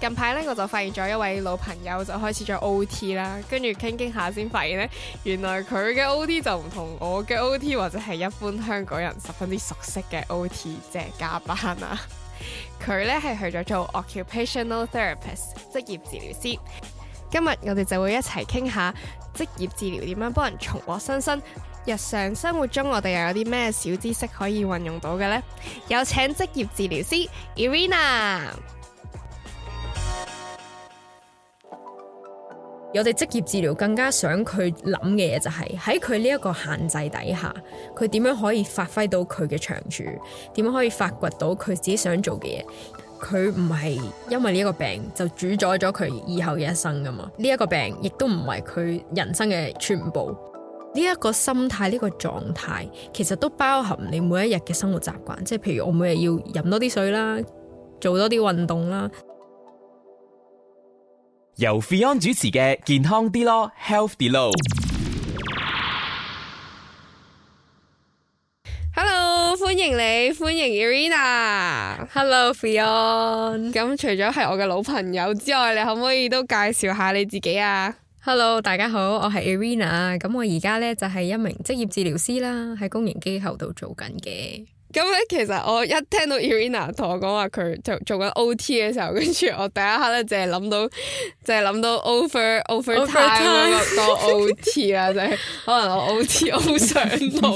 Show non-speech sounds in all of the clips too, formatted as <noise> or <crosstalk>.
近排咧，我就發現咗一位老朋友就開始做 OT 啦，跟住傾傾下先發現呢，原來佢嘅 OT 就唔同我嘅 OT 或者係一般香港人十分之熟悉嘅 OT，即係加班啦。佢 <laughs> 呢係去咗做 occupational therapist，職業治療師。今日我哋就會一齊傾下職業治療點樣幫人重獲新生，日常生活中我哋又有啲咩小知識可以運用到嘅呢？有請職業治療師 Erina 我哋職業治療更加想佢諗嘅嘢，就係喺佢呢一個限制底下，佢點樣可以發揮到佢嘅長處？點樣可以發掘到佢自己想做嘅嘢？佢唔係因為呢一個病就主宰咗佢以後嘅一生噶嘛？呢一個病亦都唔係佢人生嘅全部。呢一個心態，呢個狀態，其實都包含你每一日嘅生活習慣，即係譬如我每日要飲多啲水啦，做多啲運動啦。由 Fion 主持嘅健康啲咯，Health 啲路。Hello，歡迎你，歡迎 Erina。Hello，Fion。咁除咗係我嘅老朋友之外，你可唔可以都介紹下你自己啊？Hello，大家好，我係 Erina。咁我而家呢，就係、是、一名職業治療師啦，喺公營機構度做緊嘅。咁咧，其實我一聽到 Erina 同我講話佢做做緊 O T 嘅時候，跟住我第一刻咧，淨係諗到，淨係諗到 over overtime 啦，嗰 O T 啦， <laughs> 就係可能我 O T O 上到。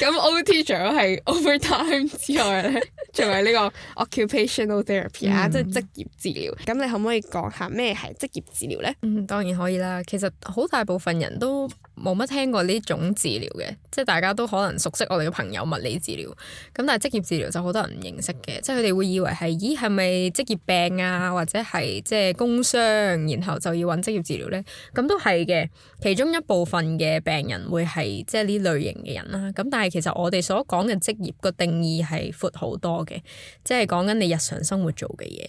咁 O T 除咗係 over time 之外咧，仲係呢個 occupational therapy 啊，即係職業治療。咁、嗯、你可唔可以講下咩係職業治療咧？嗯，當然可以啦。其實好大部分人都。冇乜聽過呢種治療嘅，即係大家都可能熟悉我哋嘅朋友物理治療，咁但係職業治療就好多人唔認識嘅，即係佢哋會以為係，咦係咪職業病啊，或者係即係工傷，然後就要揾職業治療呢？咁都係嘅，其中一部分嘅病人會係即係呢類型嘅人啦。咁但係其實我哋所講嘅職業個定義係闊好多嘅，即係講緊你日常生活做嘅嘢。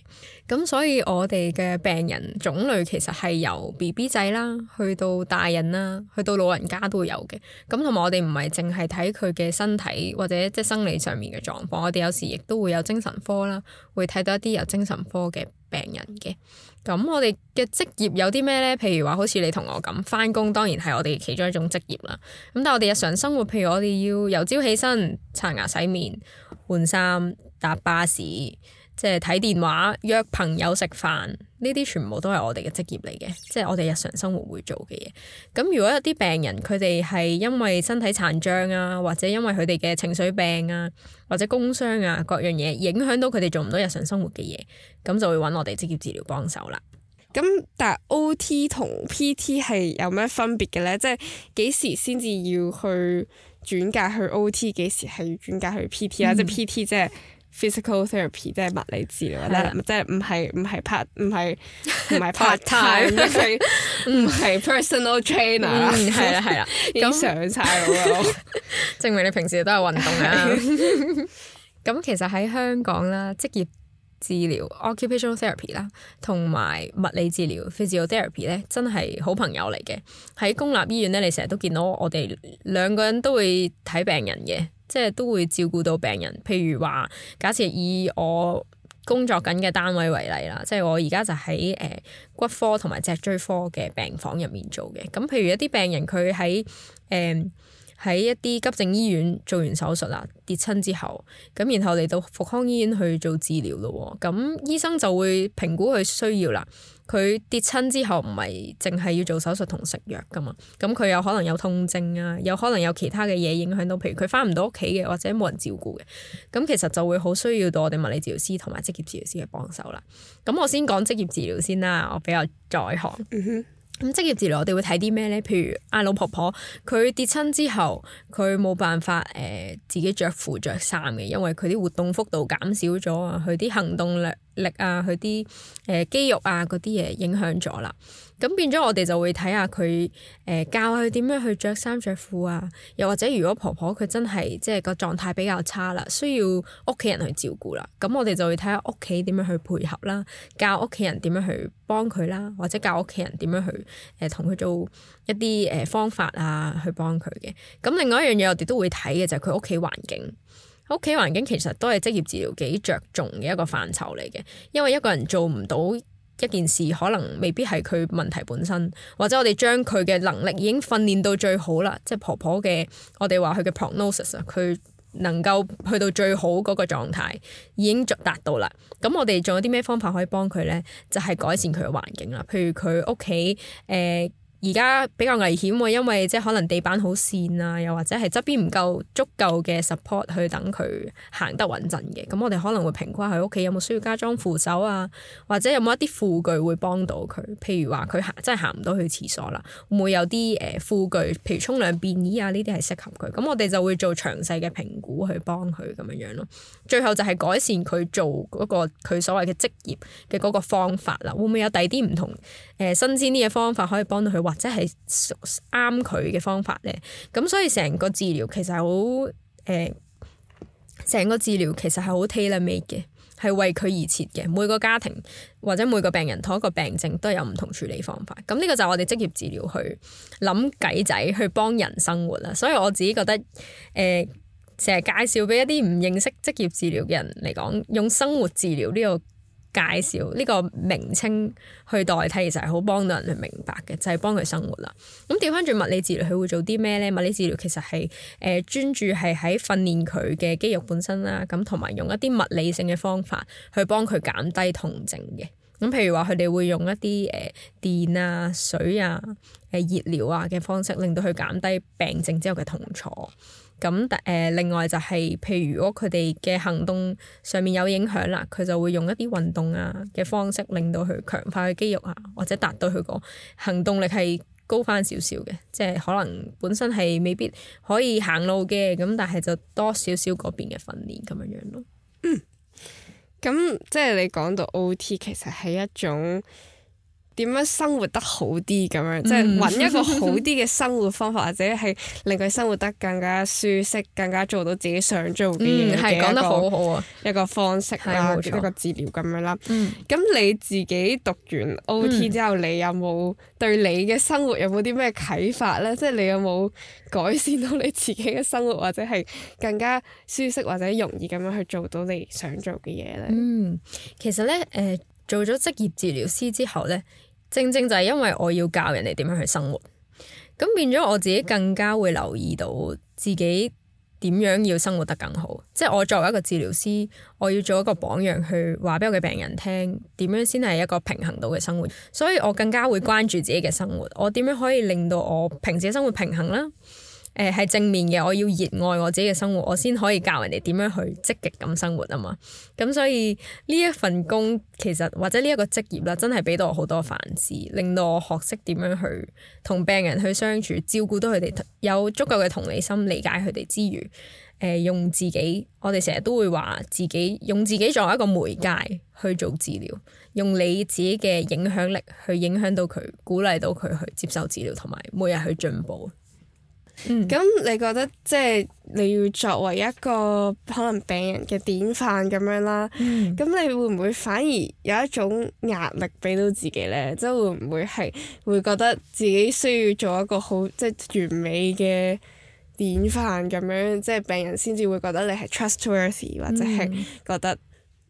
咁所以我哋嘅病人種類其實係由 BB 仔啦，去到大人啦，去到老人家都有嘅，咁同埋我哋唔係淨係睇佢嘅身體或者即係生理上面嘅狀況，我哋有時亦都會有精神科啦，會睇到一啲有精神科嘅病人嘅。咁我哋嘅職業有啲咩呢？譬如話好似你同我咁翻工，當然係我哋其中一種職業啦。咁但係我哋日常生活，譬如我哋要由朝起身刷牙洗面、換衫、搭巴士。即係睇電話、約朋友食飯呢啲，全部都係我哋嘅職業嚟嘅，即係我哋日常生活會做嘅嘢。咁如果有啲病人，佢哋係因為身體殘障啊，或者因為佢哋嘅情緒病啊，或者工傷啊，各樣嘢影響到佢哋做唔到日常生活嘅嘢，咁就會揾我哋職業治療幫手啦。咁但係 OT 同 PT 係有咩分別嘅呢？即係幾時先至要去轉介去 OT？幾時係轉介去 PT 啊、嗯？即係 PT 即係。physical therapy 即係物理治療啦，即係唔係唔係 part 唔係唔係 part time，唔係 personal trainer。係啦係啦，咁上曬我，證明你平時都係運動㗎。咁其實喺香港啦，職業治療 （occupational therapy） 啦，同埋物理治療 （physical therapy） 咧，真係好朋友嚟嘅。喺公立醫院咧，你成日都見到我哋兩個人都會睇病人嘅。即係都會照顧到病人，譬如話，假設以我工作緊嘅單位為例啦，即係我而家就喺誒、呃、骨科同埋脊椎科嘅病房入面做嘅。咁譬如一啲病人佢喺誒喺一啲急症醫院做完手術啦，跌親之後，咁然後嚟到復康醫院去做治療咯。咁醫生就會評估佢需要啦。佢跌親之後唔係淨係要做手術同食藥噶嘛，咁佢有可能有痛症啊，有可能有其他嘅嘢影響到，譬如佢翻唔到屋企嘅，或者冇人照顧嘅，咁其實就會好需要到我哋物理治療師同埋職業治療師嘅幫手啦。咁我先講職業治療先啦，我比較在行。嗯哼，咁職業治療我哋會睇啲咩呢？譬如阿、啊、老婆婆佢跌親之後，佢冇辦法誒、呃、自己着褲着衫嘅，因為佢啲活動幅度減少咗啊，佢啲行動量。力啊，佢啲誒肌肉啊嗰啲嘢影響咗啦，咁變咗我哋就會睇下佢誒、呃、教佢點樣去着衫着褲啊，又或者如果婆婆佢真係即係個狀態比較差啦，需要屋企人去照顧啦，咁我哋就會睇下屋企點樣去配合啦、啊，教屋企人點樣去幫佢啦、啊，或者教屋企人點樣去誒同佢做一啲誒、呃、方法啊去幫佢嘅。咁另外一樣嘢我哋都會睇嘅就係佢屋企環境。屋企環境其實都係職業治療幾着重嘅一個範疇嚟嘅，因為一個人做唔到一件事，可能未必係佢問題本身，或者我哋將佢嘅能力已經訓練到最好啦，即係婆婆嘅，我哋話佢嘅 prognosis 啊，佢能夠去到最好嗰個狀態已經達到啦。咁我哋仲有啲咩方法可以幫佢呢？就係改善佢嘅環境啦，譬如佢屋企誒。呃而家比較危險喎，因為即係可能地板好跣啊，又或者係側邊唔夠足夠嘅 support 去等佢行得穩陣嘅。咁、嗯、我哋可能會評估下佢屋企有冇需要加裝扶手啊，或者有冇一啲輔具會幫到佢。譬如話佢行真係行唔到去廁所啦，會唔會有啲誒輔具，譬如沖涼便椅啊呢啲係適合佢？咁我哋就會做詳細嘅評估去幫佢咁樣樣咯。最後就係改善佢做嗰個佢所謂嘅職業嘅嗰個方法啦。會唔會有第二啲唔同？誒新鮮啲嘅方法可以幫到佢，或者係啱佢嘅方法咧。咁所以成個治療其實係好誒，成、呃、個治療其實係好 tailor made 嘅，係為佢而設嘅。每個家庭或者每個病人同一個病症都有唔同處理方法。咁呢個就係我哋職業治療去諗計仔去幫人生活啦。所以我自己覺得誒，成、呃、日介紹俾一啲唔認識職業治療嘅人嚟講，用生活治療呢、這個。介紹呢個名稱去代替，其實係好幫到人去明白嘅，就係幫佢生活啦。咁調翻轉物理治療，佢會做啲咩咧？物理治療其實係誒專注係喺訓練佢嘅肌肉本身啦。咁同埋用一啲物理性嘅方法去幫佢減低痛症嘅。咁譬如話佢哋會用一啲誒、呃、電啊、水啊、誒、呃、熱療啊嘅方式，令到佢減低病症之後嘅痛楚。咁誒，另外就係、是，譬如如果佢哋嘅行動上面有影響啦，佢就會用一啲運動啊嘅方式，令到佢強化佢肌肉啊，或者達到佢個行動力係高返少少嘅，即係可能本身係未必可以行路嘅，咁但係就多少少嗰邊嘅訓練咁樣樣咯。咁、嗯、即係你講到 OT，其實係一種。點樣生活得好啲咁樣，嗯、即係揾一個好啲嘅生活方法， <laughs> 或者係令佢生活得更加舒適，更加做到自己想做嘅嘢，嗯、講得好好啊，一個方式啦，啊、一個治療咁樣啦。咁、嗯、你自己讀完 OT 之後，你有冇對你嘅生活有冇啲咩啟發咧？嗯、即係你有冇改善到你自己嘅生活，或者係更加舒適或者容易咁樣去做到你想做嘅嘢咧？嗯，其實咧，誒、呃。做咗職業治療師之後咧，正正就係因為我要教人哋點樣去生活，咁變咗我自己更加會留意到自己點樣要生活得更好。即係我作為一個治療師，我要做一個榜樣去話俾我嘅病人聽，點樣先係一個平衡到嘅生活。所以我更加會關注自己嘅生活，我點樣可以令到我平時嘅生活平衡啦。誒係、呃、正面嘅，我要熱愛我自己嘅生活，我先可以教人哋點樣去積極咁生活啊嘛。咁、嗯、所以呢一份工其實或者呢一個職業啦，真係俾到我好多反思，令到我學識點樣去同病人去相處，照顧到佢哋有足夠嘅同理心，理解佢哋之餘，誒、呃、用自己，我哋成日都會話自己用自己作為一個媒介去做治療，用你自己嘅影響力去影響到佢，鼓勵到佢去接受治療，同埋每日去進步。咁、嗯、你覺得即係、就是、你要作為一個可能病人嘅典範咁樣啦，咁、嗯、你會唔會反而有一種壓力俾到自己咧？即、就、係、是、會唔會係會覺得自己需要做一個好即係完美嘅典範咁樣，即、就、係、是、病人先至會覺得你係 trustworthy 或者係覺得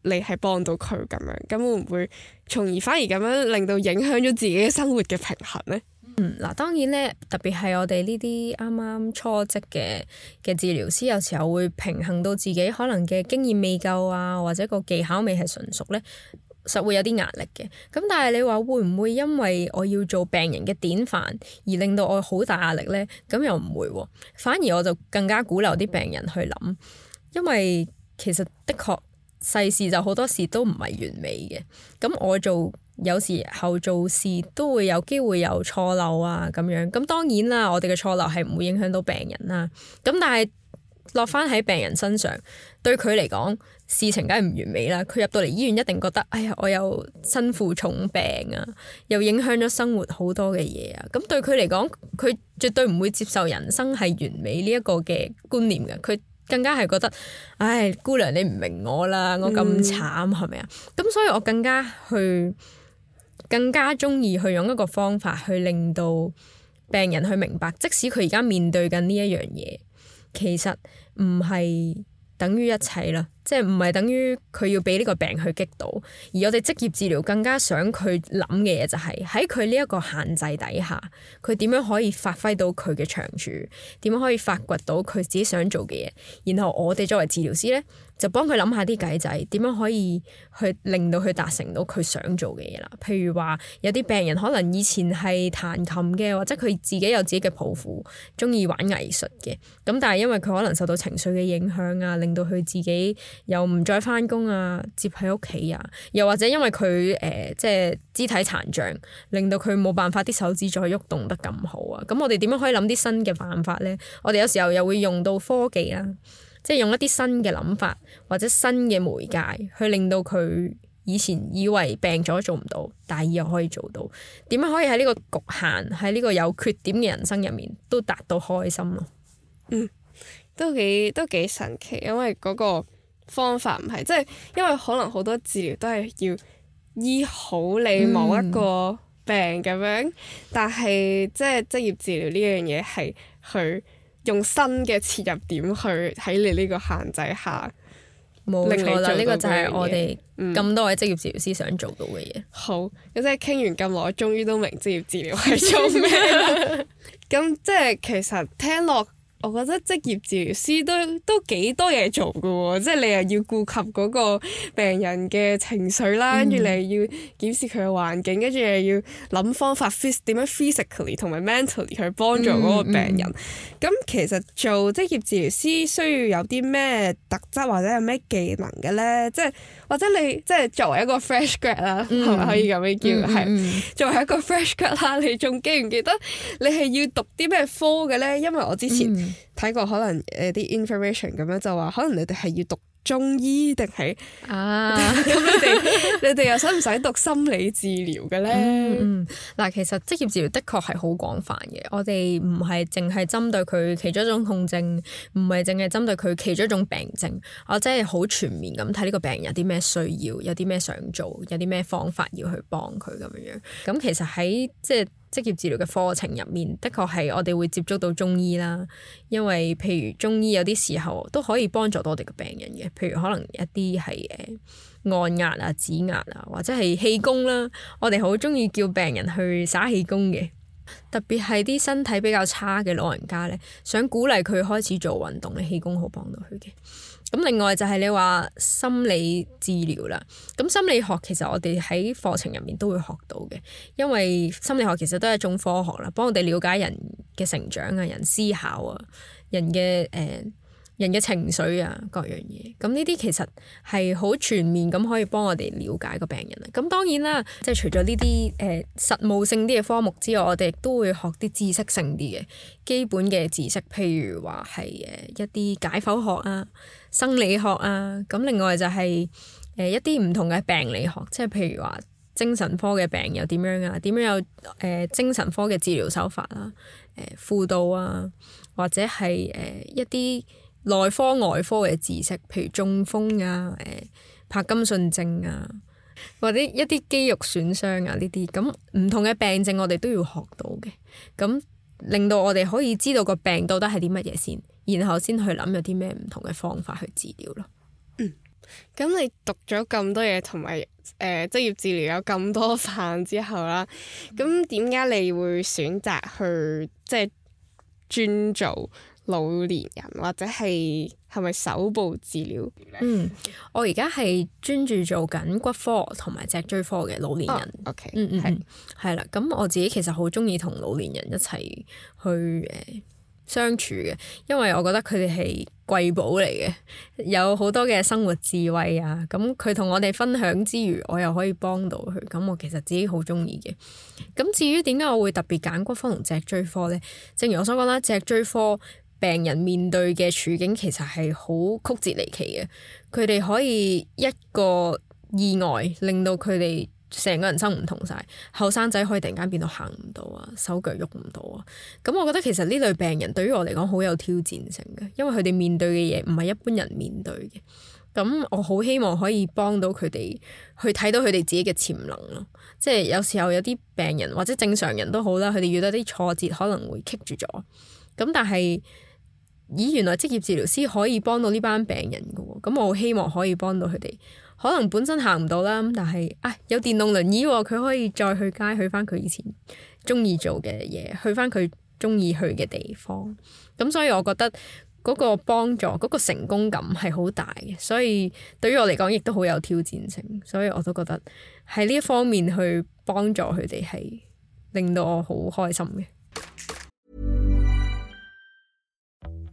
你係幫到佢咁樣，咁、嗯、會唔會從而反而咁樣令到影響咗自己嘅生活嘅平衡咧？嗯，嗱，當然咧，特別係我哋呢啲啱啱初職嘅嘅治療師，有時候會平衡到自己可能嘅經驗未夠啊，或者個技巧未係純熟咧，實會有啲壓力嘅。咁但係你話會唔會因為我要做病人嘅典範而令到我好大壓力咧？咁又唔會啊，反而我就更加鼓勵啲病人去諗，因為其實的確世事就好多事都唔係完美嘅。咁我做。有時候做事都會有機會有錯漏啊，咁樣，咁當然啦，我哋嘅錯漏係唔會影響到病人啦。咁但係落翻喺病人身上，對佢嚟講事情梗係唔完美啦。佢入到嚟醫院一定覺得，哎呀，我有身負重病啊，又影響咗生活好多嘅嘢啊。咁對佢嚟講，佢絕對唔會接受人生係完美呢一個嘅觀念嘅。佢更加係覺得，唉，姑娘你唔明我啦，我咁慘係咪啊？咁、嗯、所以我更加去。更加鍾意去用一個方法去令到病人去明白，即使佢而家面對緊呢一樣嘢，其實唔係等於一切啦。即係唔係等於佢要俾呢個病去激到，而我哋職業治療更加想佢諗嘅嘢就係喺佢呢一個限制底下，佢點樣可以發揮到佢嘅長處，點樣可以發掘到佢自己想做嘅嘢，然後我哋作為治療師呢，就幫佢諗下啲計仔，點樣可以去令到佢達成到佢想做嘅嘢啦。譬如話有啲病人可能以前係彈琴嘅，或者佢自己有自己嘅抱負，中意玩藝術嘅，咁但係因為佢可能受到情緒嘅影響啊，令到佢自己。又唔再返工啊，接喺屋企啊，又或者因為佢誒、呃、即係肢體殘障，令到佢冇辦法啲手指再喐動得咁好啊。咁我哋點樣可以諗啲新嘅辦法咧？我哋有時候又會用到科技啦、啊，即係用一啲新嘅諗法或者新嘅媒介去令到佢以前以為病咗做唔到，但係以後可以做到。點樣可以喺呢個局限喺呢個有缺點嘅人生入面都達到開心咯、啊？嗯、都幾都幾神奇，因為嗰、那個。方法唔係，即係因為可能好多治療都係要醫好你某一個病咁樣，嗯、但係即係職業治療呢樣嘢係去用新嘅切入點去喺你呢個限制下，冇錯，令你做到啦，呢個就係我哋咁多位職業治療師想做到嘅嘢、嗯。好，咁即係傾完咁耐，終於都明職業治療係做咩。咁 <laughs> <laughs> 即係其實聽落。我覺得職業治療師都都幾多嘢做㗎喎、哦，即係你又要顧及嗰個病人嘅情緒啦，跟住、嗯、你要檢視佢嘅環境，跟住又要諗方法 fix 點樣 physically 同埋 mentally 去幫助嗰個病人。咁、嗯嗯、其實做職業治療師需要有啲咩特質或者有咩技能嘅咧？即係。或者你即係作為一個 fresh grad 啦、嗯，係咪可以咁樣叫？係、嗯嗯，作為一個 fresh grad 啦，你仲記唔記得你係要讀啲咩科嘅咧？因為我之前睇過可能誒啲、嗯呃、information 咁樣就話可能你哋係要讀。中醫定係啊？咁 <laughs> 你哋你哋又使唔使讀心理治療嘅咧？嗱，嗯嗯，其實職業治療的確係好廣泛嘅。我哋唔係淨係針對佢其中一種痛症，唔係淨係針對佢其中一種病症，我真係好全面咁睇呢個病人有啲咩需要，有啲咩想做，有啲咩方法要去幫佢咁樣樣。咁其實喺即係。就是職業治療嘅課程入面，的確係我哋會接觸到中醫啦。因為譬如中醫有啲時候都可以幫助到我哋嘅病人嘅，譬如可能一啲係誒按壓啊、指壓啊，或者係氣功啦。我哋好中意叫病人去耍氣功嘅，特別係啲身體比較差嘅老人家咧，想鼓勵佢開始做運動咧，氣功好幫到佢嘅。咁另外就係你話心理治療啦，咁心理學其實我哋喺課程入面都會學到嘅，因為心理學其實都係一種科學啦，幫我哋了解人嘅成長啊、人思考啊、人嘅誒、呃人嘅情緒啊，各樣嘢咁呢啲其實係好全面咁可以幫我哋了解個病人啊。咁當然啦，即係除咗呢啲誒實務性啲嘅科目之外，我哋亦都會學啲知識性啲嘅基本嘅知識，譬如話係誒一啲解剖學啊、生理學啊。咁另外就係誒一啲唔同嘅病理學，即係譬如話精神科嘅病又點樣啊？點樣有誒、呃、精神科嘅治療手法啦、誒、呃、輔導啊，或者係誒、呃、一啲內科、外科嘅知識，譬如中風啊、誒、欸、柏金遜症啊，或者一啲肌肉損傷啊呢啲，咁唔同嘅病症我哋都要學到嘅，咁令到我哋可以知道個病到底係啲乜嘢先，然後先去諗有啲咩唔同嘅方法去治療咯。嗯，咁你讀咗咁多嘢，同埋誒職業治療有咁多範之後啦，咁點解你會選擇去即係專做？老年人或者係係咪手部治療？嗯，我而家係專注做緊骨科同埋脊椎科嘅老年人。 <laughs> 嗯哦、o、okay, K，嗯嗯係係啦，咁是、嗯、我自己其實好中意同老年人一齊去誒、呃、相處嘅，因為我覺得佢哋係貴寶嚟嘅，有好多嘅生活智慧啊。咁佢同我哋分享之餘，我又可以幫到佢，咁我其實自己好中意嘅。咁至於點解我會特別揀骨科同脊椎科咧？正如我想講啦，脊椎科。病人面對嘅處境其實係好曲折離奇嘅，佢哋可以一個意外令到佢哋成個人生唔同晒，後生仔可以突然間變到行唔到啊，手腳喐唔到啊。咁我覺得其實呢類病人對於我嚟講好有挑戰性嘅，因為佢哋面對嘅嘢唔係一般人面對嘅。咁我好希望可以幫到佢哋去睇到佢哋自己嘅潛能咯。即係有時候有啲病人或者正常人都好啦，佢哋遇到啲挫折可能會棘住咗。咁但係。咦，原來職業治療師可以幫到呢班病人㗎喎，咁我好希望可以幫到佢哋。可能本身行唔到啦，咁但係啊，有電動輪椅喎，佢可以再去街，去翻佢以前中意做嘅嘢，去翻佢中意去嘅地方。咁所以我覺得嗰個幫助，嗰個成功感係好大嘅，所以對於我嚟講亦都好有挑戰性。所以我都覺得喺呢一方面去幫助佢哋係令到我好開心嘅。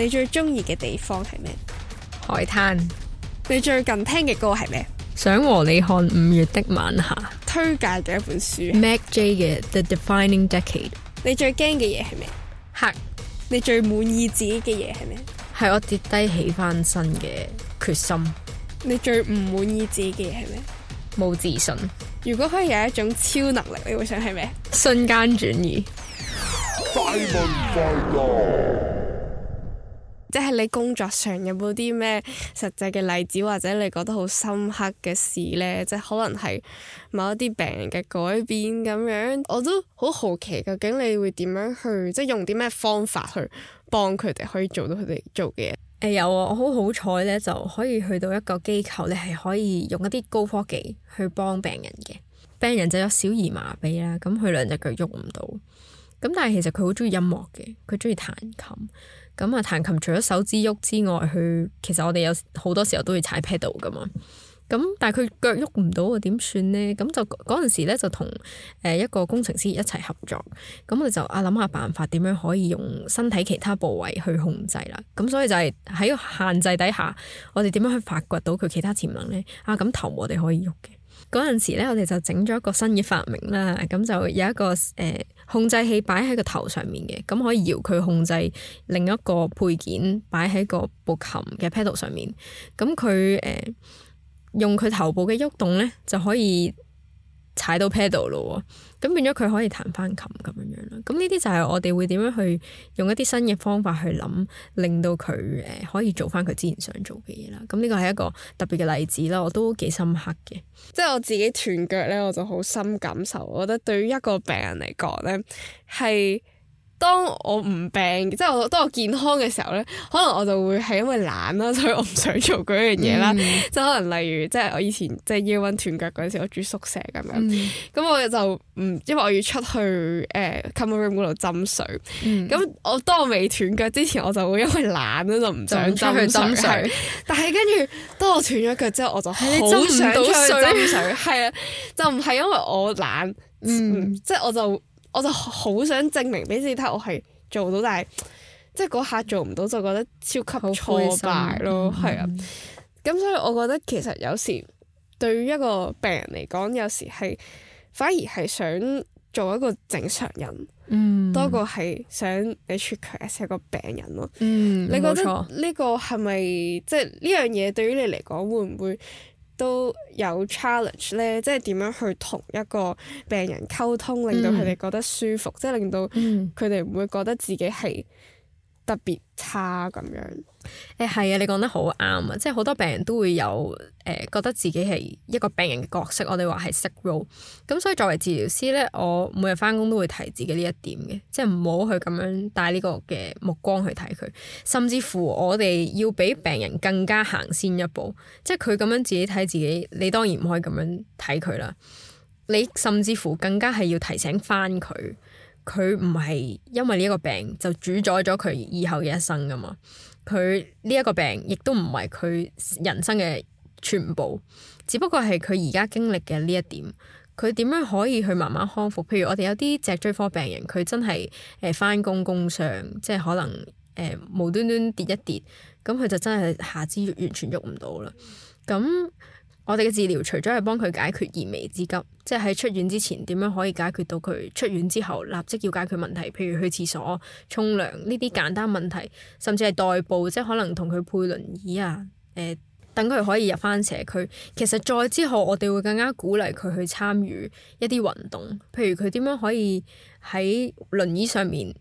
你最中意嘅地方係咩？海灘。你最近聽嘅歌係咩？想和你看五月的晚霞。推介嘅一本書。Mac J 嘅《The Defining Decade》。你最驚嘅嘢係咩？吓？黑。你最滿意自己嘅嘢係咩？係我跌低起翻身嘅決心。你最唔滿意自己嘅嘢係咩？冇自信。如果可以有一種超能力，你會想係咩？瞬間轉移。快問快即係你工作上有冇啲咩實際嘅例子，或者你覺得好深刻嘅事呢？即係可能係某一啲病人嘅改變咁樣，我都好好奇究竟你會點樣去，即係用啲咩方法去幫佢哋可以做到佢哋做嘅嘢。誒有啊，我好好彩呢就可以去到一個機構呢，係可以用一啲高科技去幫病人嘅。病人就有小兒麻痹啦，咁佢兩隻腳喐唔到，咁但係其實佢好中意音樂嘅，佢中意彈琴。咁啊，彈琴除咗手指喐之外，去其實我哋有好多時候都會踩 pedal 噶嘛。咁但係佢腳喐唔到啊，點算咧？咁就嗰陣時咧就同誒一個工程師一齊合作。咁我哋就啊諗下辦法，點樣可以用身體其他部位去控制啦。咁所以就係喺個限制底下，我哋點樣去發掘到佢其他潛能咧？啊咁頭我哋可以喐嘅。嗰陣時咧，我哋就整咗一個新嘅發明啦，咁就有一個誒、呃、控制器擺喺個頭上面嘅，咁可以搖佢控制另一個配件擺喺個部琴嘅 pedal 上面，咁佢誒用佢頭部嘅喐動咧就可以，踩到 pedal 咯，咁變咗佢可以彈翻琴咁樣樣啦。咁呢啲就係我哋會點樣去用一啲新嘅方法去諗，令到佢誒、呃、可以做翻佢之前想做嘅嘢啦。咁呢個係一個特別嘅例子啦，我都幾深刻嘅。即係我自己斷腳咧，我就好深感受。我覺得對於一個病人嚟講咧，係。當我唔病，即係我當我健康嘅時候咧，可能我就會係因為懶啦，所以我唔想做嗰樣嘢啦。嗯、即係可能例如，即係我以前即係 year one 斷腳嗰時，我住宿舍咁樣，咁、嗯、我就唔，因為我要出去誒，common room 嗰度斟水。咁、嗯、我當我未斷腳之前，我就會因為懶啦，就唔想斟水。嗯、但係跟住當我斷咗腳之後，我就好想出去斟水。係啊、嗯，就唔係因為我懶，嗯、即係我就。我就好想證明俾你睇，我係做到，但係即係嗰下做唔到，就覺得超級挫敗咯，係啊。咁的、嗯、所以我覺得其實有時對於一個病人嚟講，有時係反而係想做一個正常人，嗯、多過係想你處強勢個病人咯。嗯、你覺得呢個係咪即係呢樣嘢對於你嚟講會唔會？都有 challenge 咧，即係點樣去同一個病人溝通，令到佢哋覺得舒服，嗯、即係令到佢哋唔會覺得自己係。特別差咁樣，誒係啊！你講得好啱啊！即係好多病人都會有誒、呃、覺得自己係一個病人嘅角色，我哋話係 sick role。咁所以作為治療師咧，我每日翻工都會提自己呢一點嘅，即係唔好去咁樣帶呢個嘅目光去睇佢。甚至乎我哋要比病人更加行先一步，即係佢咁樣自己睇自己，你當然唔可以咁樣睇佢啦。你甚至乎更加係要提醒翻佢。佢唔係因為呢一個病就主宰咗佢以後嘅一生㗎嘛，佢呢一個病亦都唔係佢人生嘅全部，只不過係佢而家經歷嘅呢一點。佢點樣可以去慢慢康復？譬如我哋有啲脊椎科病人，佢真係誒返工工傷，即係可能誒無端端跌一跌，咁佢就真係下肢完全喐唔到啦。咁我哋嘅治療除咗係幫佢解決燃眉之急，即係喺出院之前點樣可以解決到佢出院之後立即要解決問題，譬如去廁所、沖涼呢啲簡單問題，甚至係代步，即係可能同佢配輪椅啊，誒、呃，等佢可以入翻社區。其實再之後，我哋會更加鼓勵佢去參與一啲運動，譬如佢點樣可以喺輪椅上面，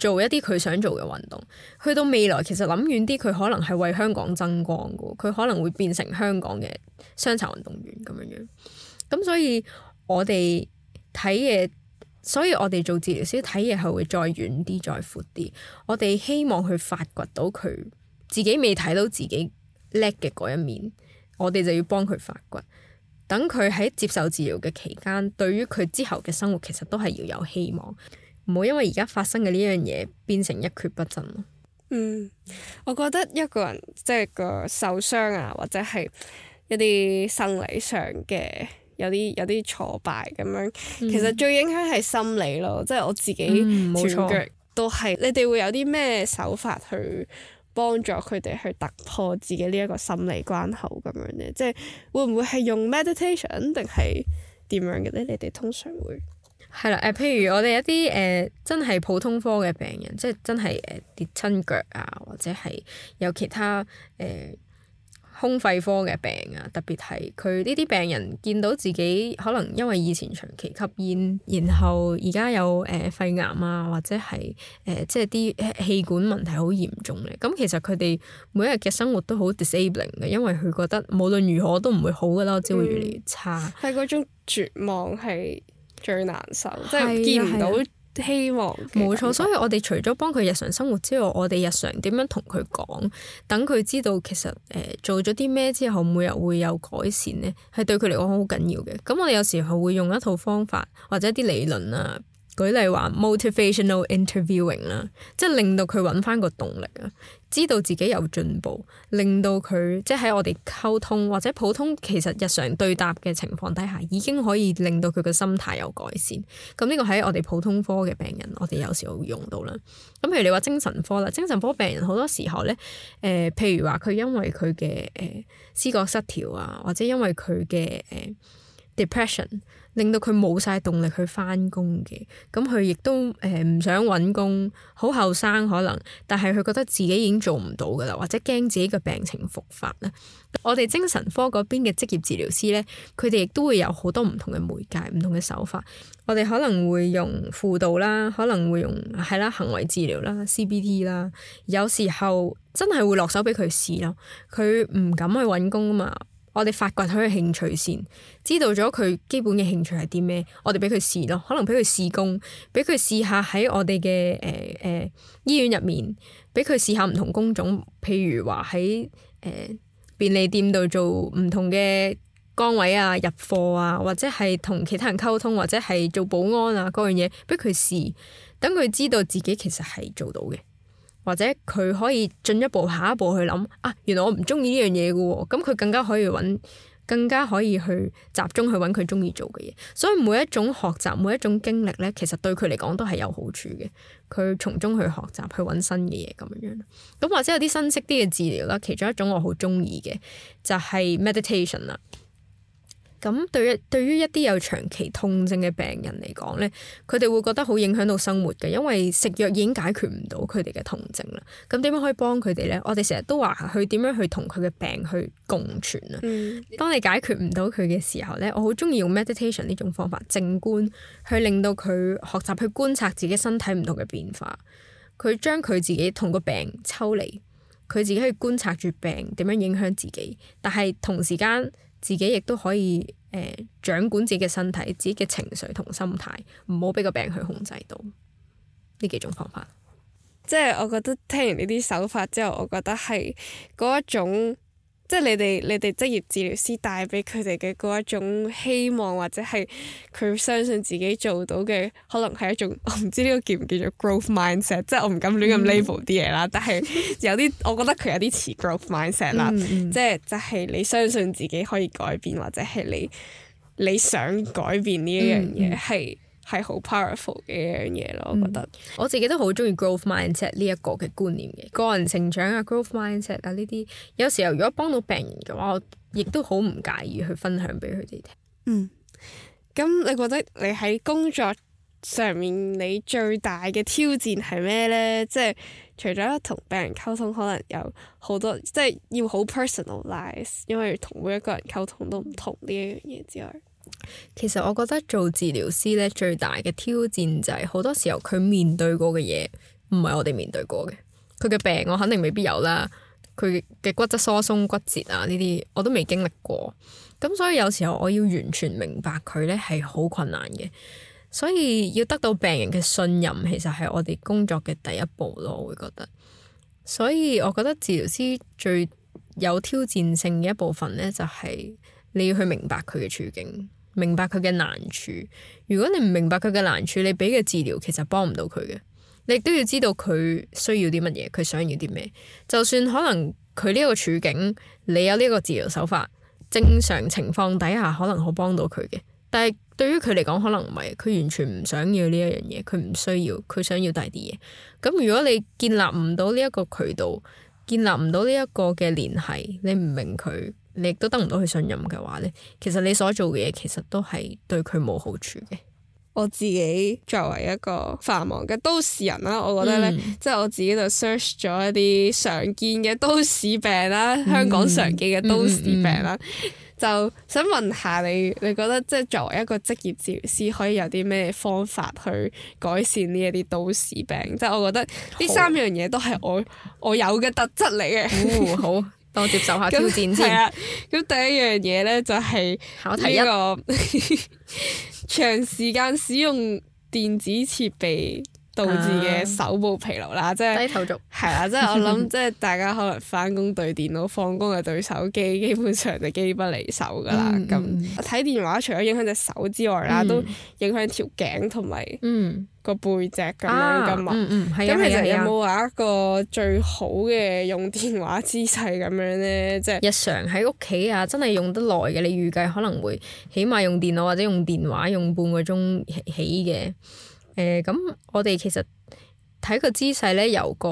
做一啲佢想做嘅運動，去到未來其實諗遠啲，佢可能係為香港增光嘅，佢可能會變成香港嘅雙殘運動員咁樣樣。咁所以我哋睇嘢，所以我哋做治療師睇嘢係會再遠啲、再闊啲。我哋希望去發掘到佢自己未睇到自己叻嘅嗰一面，我哋就要幫佢發掘。等佢喺接受治療嘅期間，對於佢之後嘅生活，其實都係要有希望。唔好，因為而家發生嘅呢樣嘢，變成一蹶不振咯。嗯，我覺得一個人即係個受傷啊，或者係一啲生理上嘅有啲有啲挫敗咁樣，嗯、其實最影響係心理咯。即係我自己、嗯、全腳都係，你哋會有啲咩手法去幫助佢哋去突破自己呢一個心理關口咁樣咧？即係會唔會係用 meditation 定係點樣嘅咧？你哋通常會？係啦，誒，譬如我哋一啲誒、呃、真係普通科嘅病人，即係真係誒跌親腳啊，或者係有其他誒、呃、胸肺科嘅病啊，特別係佢呢啲病人見到自己可能因為以前長期吸煙，然後而家有誒、呃、肺癌啊，或者係誒、呃、即係啲氣管問題好嚴重咧，咁其實佢哋每一日嘅生活都好 disabling 嘅，因為佢覺得無論如何都唔會好㗎啦，只會越嚟越差。係嗰、嗯、種絕望係。最難受，即係、啊、見唔到希望。冇錯，所以我哋除咗幫佢日常生活之外，我哋日常點樣同佢講，等佢知道其實誒、呃、做咗啲咩之後，每日會有改善咧，係對佢嚟講好緊要嘅。咁我哋有時候會用一套方法或者一啲理論啊。舉例話 motivational interviewing 啦，即係令到佢揾翻個動力啊，知道自己有進步，令到佢即係喺我哋溝通或者普通其實日常對答嘅情況底下，已經可以令到佢嘅心態有改善。咁呢個喺我哋普通科嘅病人，我哋有時候會用到啦。咁譬如你話精神科啦，精神科病人好多時候呢，誒、呃，譬如話佢因為佢嘅誒思覺失調啊，或者因為佢嘅誒 depression。令到佢冇晒動力去翻工嘅，咁佢亦都誒唔想揾工，好後生可能，但係佢覺得自己已經做唔到噶啦，或者驚自己個病情復發啦。我哋精神科嗰邊嘅職業治療師呢，佢哋亦都會有好多唔同嘅媒介、唔同嘅手法。我哋可能會用輔導啦，可能會用係啦行為治療啦、CBT 啦，有時候真係會落手俾佢試咯。佢唔敢去揾工啊嘛。我哋發掘佢嘅興趣先，知道咗佢基本嘅興趣係啲咩，我哋俾佢試咯，可能俾佢試工，俾佢試下喺我哋嘅誒誒醫院入面，俾佢試下唔同工種，譬如話喺誒便利店度做唔同嘅崗位啊，入貨啊，或者係同其他人溝通，或者係做保安啊嗰樣嘢，俾佢試，等佢知道自己其實係做到嘅。或者佢可以進一步、下一步去諗啊，原來我唔中意呢樣嘢嘅喎，咁佢更加可以揾，更加可以去集中去揾佢中意做嘅嘢。所以每一種學習、每一種經歷呢，其實對佢嚟講都係有好處嘅。佢從中去學習、去揾新嘅嘢咁樣咯。咁或者有啲新式啲嘅治療啦，其中一種我好中意嘅就係 meditation 啦。咁對於對於一啲有長期痛症嘅病人嚟講咧，佢哋會覺得好影響到生活嘅，因為食藥已經解決唔到佢哋嘅痛症啦。咁點樣可以幫佢哋咧？我哋成日都話去點樣去同佢嘅病去共存呀。嗯、當你解決唔到佢嘅時候咧，我好中意用 meditation 呢種方法靜觀，去令到佢學習去觀察自己身體唔同嘅變化。佢將佢自己同個病抽離，佢自己去觀察住病點樣影響自己，但係同時間，自己亦都可以誒、呃、掌管自己嘅身體、自己嘅情緒同心態，唔好俾個病去控制到。呢幾種方法，即係我覺得聽完呢啲手法之後，我覺得係嗰一種。即係你哋你哋職業治療師帶俾佢哋嘅嗰一種希望，或者係佢相信自己做到嘅，可能係一種我唔知呢個叫唔叫做 growth mindset，即係我唔敢亂咁 label 啲嘢啦。但係有啲我覺得佢有啲似 growth mindset 啦，嗯嗯、即係就係你相信自己可以改變，或者係你你想改變呢一樣嘢係。嗯嗯係好 powerful 嘅一樣嘢咯，我覺得我自己都好中意 growth mindset 呢一個嘅觀念嘅個人成長啊，growth mindset 啊呢啲有時候如果幫到病人嘅話，我亦都好唔介意去分享俾佢哋聽。嗯，咁你覺得你喺工作上面你最大嘅挑戰係咩呢？即係除咗同病人溝通，可能有好多即係要好 personalise，因為同每一個人溝通都唔同呢一樣嘢之外。其實我覺得做治療師咧，最大嘅挑戰就係好多時候佢面對過嘅嘢，唔係我哋面對過嘅。佢嘅病我肯定未必有啦，佢嘅骨質疏鬆、骨折啊呢啲我都未經歷過。咁所以有時候我要完全明白佢咧係好困難嘅，所以要得到病人嘅信任，其實係我哋工作嘅第一步咯。我會覺得，所以我覺得治療師最有挑戰性嘅一部分咧，就係你要去明白佢嘅處境。明白佢嘅難處，如果你唔明白佢嘅難處，你俾嘅治療其實幫唔到佢嘅。你都要知道佢需要啲乜嘢，佢想要啲咩。就算可能佢呢個處境，你有呢個治療手法，正常情況底下可能好幫到佢嘅。但係對於佢嚟講，可能唔係，佢完全唔想要呢一樣嘢，佢唔需要，佢想要第啲嘢。咁如果你建立唔到呢一個渠道，建立唔到呢一個嘅聯繫，你唔明佢，你亦都得唔到佢信任嘅話咧，其實你所做嘅嘢，其實都係對佢冇好處嘅。我自己作為一個繁忙嘅都市人啦，嗯、我覺得咧，即、就、係、是、我自己就 search 咗一啲常見嘅都市病啦，嗯、香港常見嘅都市病啦，嗯嗯嗯、就想問下你，你覺得即係作為一個職業治療師，可以有啲咩方法去改善呢一啲都市病？即係好我覺得呢三樣嘢,都係我我有嘅特質嚟嘅。哦，好。當接受下挑戰先。咁第一樣嘢咧就係呢這個 <laughs> 長時間使用電子設備，導致嘅手部疲勞啦，啊、低頭族係啦，即係我諗，即係大家可能翻工對電腦，放工又對手機，基本上就機不離手噶啦。咁睇、嗯、那電話，除咗影響隻手之外啦，嗯、都影響條頸同埋個背脊咁、嗯啊、樣噶嘛。咁、嗯嗯嗯啊、其實有冇話一個最好嘅用電話姿勢咁樣咧？即係日常喺屋企啊，真係用得耐嘅，你預計可能會起碼用電腦或者用電話用半個鐘起嘅。誒咁，呃、我哋其實睇個姿勢咧，由個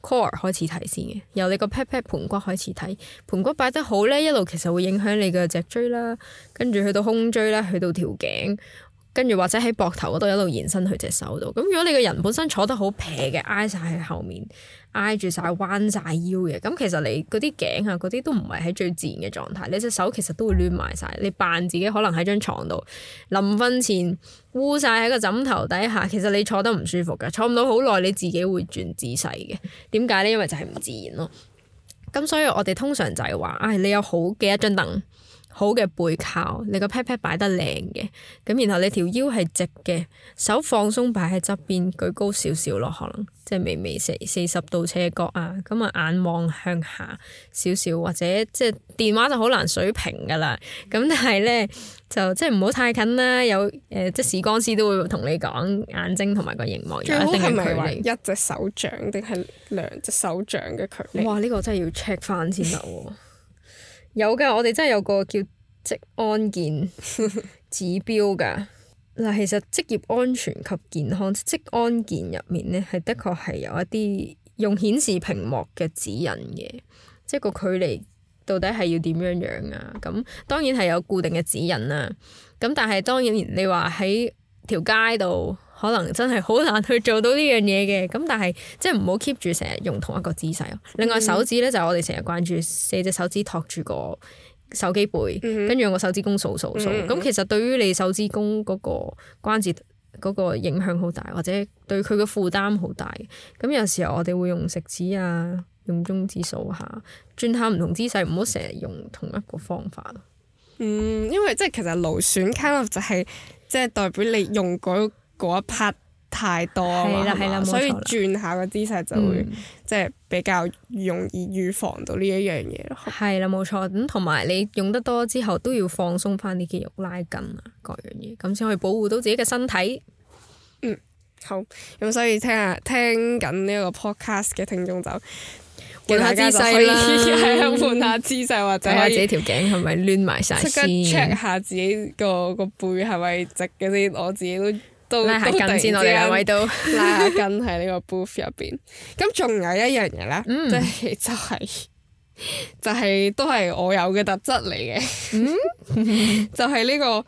core 開始睇先嘅，由你個 pat pat 盤骨開始睇，盤骨擺得好咧，一路其實會影響你嘅脊椎啦，跟住去到胸椎啦，去到條頸。跟住或者喺膊頭嗰度一路延伸去隻手度，咁如果你個人本身坐得好斜嘅，挨晒喺後面，挨住晒彎晒腰嘅，咁其實你嗰啲頸啊嗰啲都唔係喺最自然嘅狀態。你隻手其實都會攣埋晒，你扮自己可能喺張床度臨瞓前，污晒喺個枕頭底下，其實你坐得唔舒服㗎，坐唔到好耐你自己會轉姿勢嘅。點解呢？因為就係唔自然咯。咁所以我哋通常就係話，唉、哎，你有好嘅一張凳。好嘅背靠，你個 pat pat 擺得靚嘅，咁然後你條腰係直嘅，手放鬆擺喺側邊，舉高少少咯，可能即係微微四四十度斜角啊，咁啊眼望向下少少，或者即係電話就好難水平噶啦，咁但係咧就即係唔好太近啦，有誒、呃、即係視光師都會同你講眼睛同埋個熒幕一定嘅距離，係咪一隻手掌定係兩隻手掌嘅距離？哇！呢、呢個真係要 check 翻先得喎。有噶，我哋真係有個叫職安健 <laughs> 指標噶。嗱，其實職業安全及健康職安健入面咧，係的確係有一啲用顯示屏幕嘅指引嘅，即係個距離到底係要點樣樣啊？咁當然係有固定嘅指引啦、啊。咁但係當然你話喺條街度。可能真係好難去做到呢樣嘢嘅咁，但係即係唔好 keep 住成日用同一個姿勢。另外手指咧，嗯、就我哋成日慣住四隻手指托住個手機背，跟住用個手指公掃掃掃。咁、嗯、其實對於你手指公嗰個關節嗰個影響好大，或者對佢嘅負擔好大。咁有時候我哋會用食指啊，用中指掃下轉下唔同姿勢，唔好成日用同一個方法。嗯，因為即係其實勞損卡就係、是、即係代表你用嗰。嗰一 part 太多啊嘛，係啦，係啦，所以轉下個姿勢就會即係、嗯、比較容易預防到呢一樣嘢咯。係啦，冇錯。咁同埋你用得多之後都要放鬆翻啲肌肉、拉筋啊，各樣嘢，咁先可以保護到自己嘅身體。嗯，好。咁所以聽下聽緊呢一個 podcast 嘅聽眾就換下姿勢啦，係啊，換下姿勢或者睇下自己條頸係咪攣埋晒先，check 下自己個個背係咪直嘅先。我自己都。到拉下筋先，我哋兩位都 <laughs> 拉下筋喺呢個 booth 入邊。咁仲有一樣嘢咧，即係、嗯、就係、是、就係、是就是、都係我有嘅特質嚟嘅。嗯、 <laughs> 就係呢個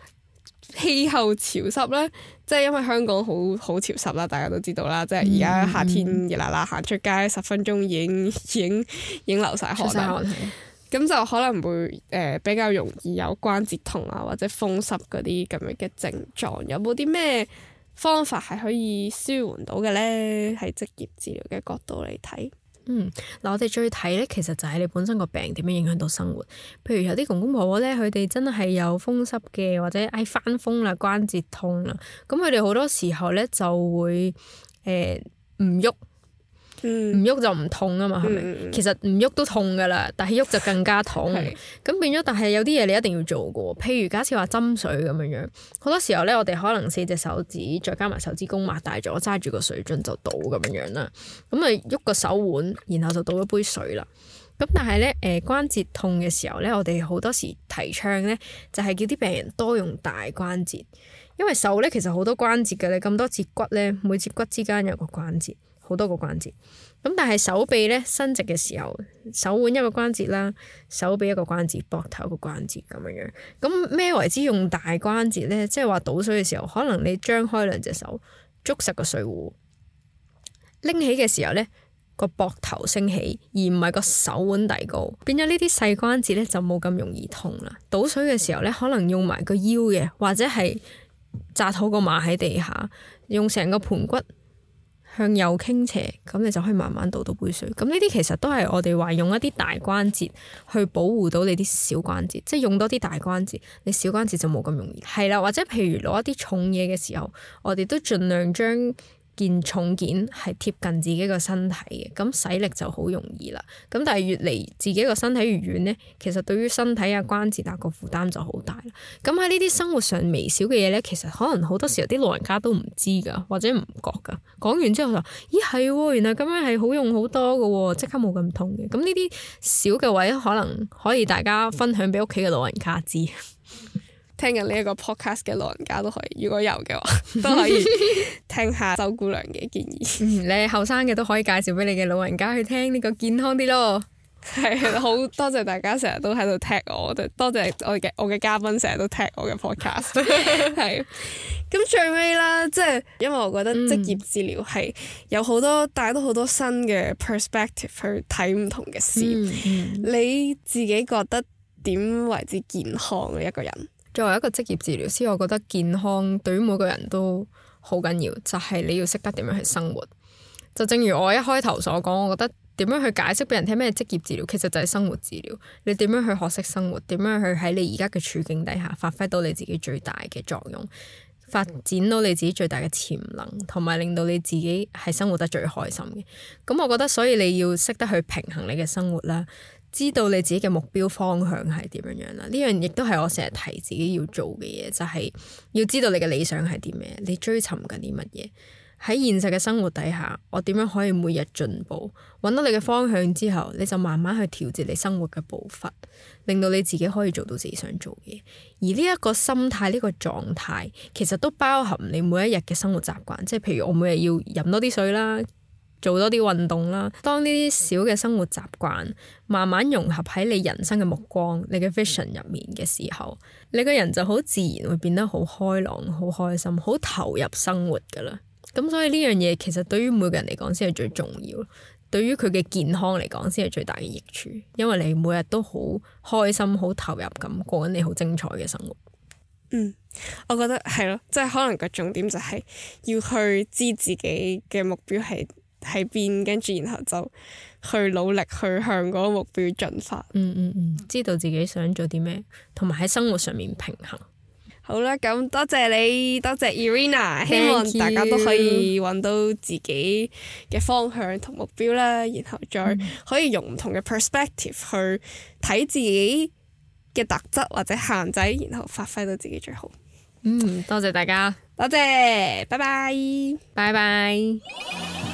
氣候潮濕咧，即係因為香港好好潮濕啦，大家都知道啦。嗯、即係而家夏天熱辣辣行出街，十分鐘已經 <laughs> 已經已經流晒汗啦。咁就可能會誒、呃、比較容易有關節痛啊，或者風濕嗰啲咁樣嘅症狀。有冇啲咩？方法係可以舒緩到嘅咧，喺職業治療嘅角度嚟睇。嗯，嗱我哋最睇咧，其實就係你本身個病點樣影響到生活。譬如有啲公公婆婆咧，佢哋真係有風濕嘅，或者唉、哎，翻風啦，關節痛啦，咁佢哋好多時候咧就會誒唔喐。欸唔喐就唔痛啊嘛，係咪、嗯？其實唔喐都痛噶啦，但係喐就更加痛。咁 <laughs> 是變咗，但係有啲嘢你一定要做過。譬如假設話斟水咁樣樣，好多時候咧，我哋可能四隻手指再加埋手指公擘大咗，揸住個水樽就倒咁樣樣啦。咁啊，喐個手腕，然後就倒一杯水啦。咁但係咧，誒、呃、關節痛嘅時候咧，我哋好多時提倡咧，就係、是、叫啲病人多用大關節，因為手咧其實好多關節嘅，你咁多節骨咧，每節骨之間有個關節。好多個關節，咁但係手臂咧伸直嘅時候，手腕一個關節啦，手臂一個關節，膊頭一個關節咁樣樣。咁咩為之用大關節呢？即係話倒水嘅時候，可能你張開兩隻手捉實個水壺，拎起嘅時候呢，個膊頭升起，而唔係個手腕底高。變咗呢啲細關節呢，就冇咁容易痛啦。倒水嘅時候呢，可能用埋個腰嘅，或者係紮好個馬喺地下，用成個盆骨。向右傾斜，咁你就可以慢慢倒到杯水。咁呢啲其實都係我哋話用一啲大關節去保護到你啲小關節，即係用多啲大關節，你小關節就冇咁容易。係啦，或者譬如攞一啲重嘢嘅時候，我哋都盡量將。件重件係貼近自己個身體嘅，咁使力就好容易啦。咁但係越嚟自己個身體越遠呢，其實對於身體啊關節啊個負擔就好大啦。咁喺呢啲生活上微小嘅嘢呢，其實可能好多時候啲老人家都唔知噶，或者唔覺噶。講完之後就話，咦，係，原來咁樣係好用好多噶，即刻冇咁痛嘅。咁呢啲小嘅位可能可以大家分享俾屋企嘅老人家知。聽緊呢一個 podcast 嘅老人家都可以，如果有嘅話都可以聽下周姑娘嘅建議。 <laughs> 你後生嘅都可以介紹俾你嘅老人家去聽呢個健康啲咯。係好多謝大家成日都喺度踢我，多謝我嘅我嘅嘉賓成日都踢我嘅 podcast。係咁 <laughs> <laughs> 最尾啦，即係因為我覺得職業治療係有好多帶多好多新嘅 perspective 去睇唔同嘅事。 <laughs> 你自己覺得點為之健康嘅一個人？作為一個職業治療師，我覺得健康對於每個人都好緊要，就係你要識得點樣去生活。就正如我一開頭所講，我覺得點樣去解釋俾人聽咩職業治療，其實就係生活治療。你點樣去學識生活？點樣去喺你而家嘅處境底下發揮到你自己最大嘅作用，發展到你自己最大嘅潛能，同埋令到你自己係生活得最開心嘅。咁我覺得，所以你要識得去平衡你嘅生活啦。知道你自己嘅目標方向係點樣樣啦，呢樣亦都係我成日提自己要做嘅嘢，就係、是、要知道你嘅理想係啲咩，你追尋緊啲乜嘢，喺現實嘅生活底下，我點樣可以每日進步？搵到你嘅方向之後，你就慢慢去調節你生活嘅步伐，令到你自己可以做到自己想做嘅嘢。而呢一個心態，呢、這個狀態，其實都包含你每一日嘅生活習慣，即係譬如我每日要飲多啲水啦。做多啲運動啦，當呢啲小嘅生活習慣慢慢融合喺你人生嘅目光、你嘅 vision 入面嘅時候，你個人就好自然會變得好開朗、好開心、好投入生活噶啦。咁所以呢樣嘢其實對於每個人嚟講先係最重要，對於佢嘅健康嚟講先係最大嘅益處，因為你每日都好開心、好投入咁過緊你好精彩嘅生活。嗯，我覺得係咯，即係可能個重點就係、是、要去知自己嘅目標係。喺邊，跟住然後就去努力去向嗰個目標進發。嗯嗯嗯，知道自己想做啲咩，同埋喺生活上面平衡。好啦，咁多謝你，多謝 Erina，希望大家都可以揾到自己嘅方向同目標啦，然後再可以用唔同嘅 perspective 去睇自己嘅特質或者限制，然後發揮到自己最好。嗯，多謝大家，多謝，拜拜，拜拜。